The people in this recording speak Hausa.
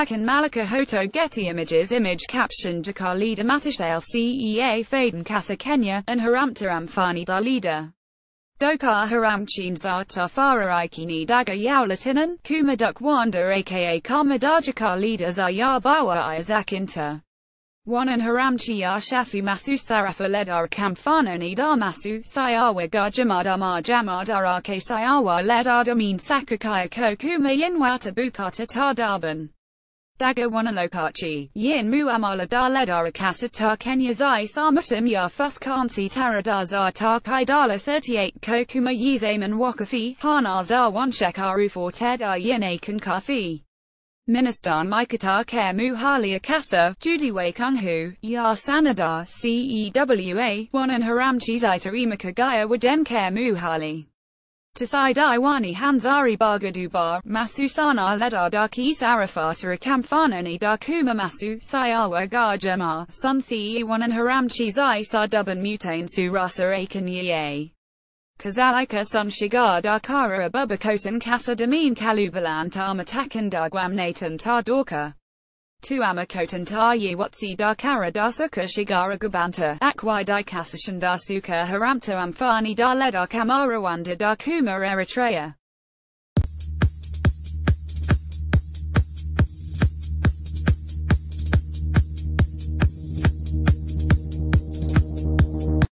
Hakan Malika Hoto Getty Images Image Caption Jakarlida Matishale CEA Faden Kasa Kenya, and Haramtaram Fani Dalida. Dokar Haramchin Zartafara Farah Ikini Daga Yaulatinan, Kumaduk Wanda aka Karmadajakar Lida Zayabawa Iazakinta. Wanan Haramchi Ya Shafu Masu Sarafa Ledar Kamfano Nidar Masu Sayawa Gajamadamar Jamadar Rk Sayawa Ledar Damin Sakakaya Kokuma Yinwata Bukata Tardaban. Daga Wanalokachi, Yin Muamala Dar Ledar Akasa Kenya Zai Sarmutam Ya Fuskansi Taradar Zar Tar Kaidala 38 Kokuma Yizaman Wakafi Hanar Zar Wanshekaru Fortedar Yin Akan Kafi. Ministan Mikatar Care Muhalia Judy Judiwe Kunghu, Yar Sanadar, CEWA, One and Haramchis Itarima Gaya Wajen Care Muhali. Tasai Diwani Hanzari Bargadubar, Masusana Ledar Darki Sarafata Akamfanani Darkuma Masu, Sayawa Gajama, Sun CE1 and Haram Isar Duban Mutane Surasa Akan Kazalika Sunshigar Dakara Abubakotan Kasadamin Kalubalan Tarmatakan Dagwamnatan Tardorka. Tu amakotan ta yiwatsi dakara dasuka shigara gubanta, akwai dikasashan dasuka haramta amfani da kamara wanda Eritrea.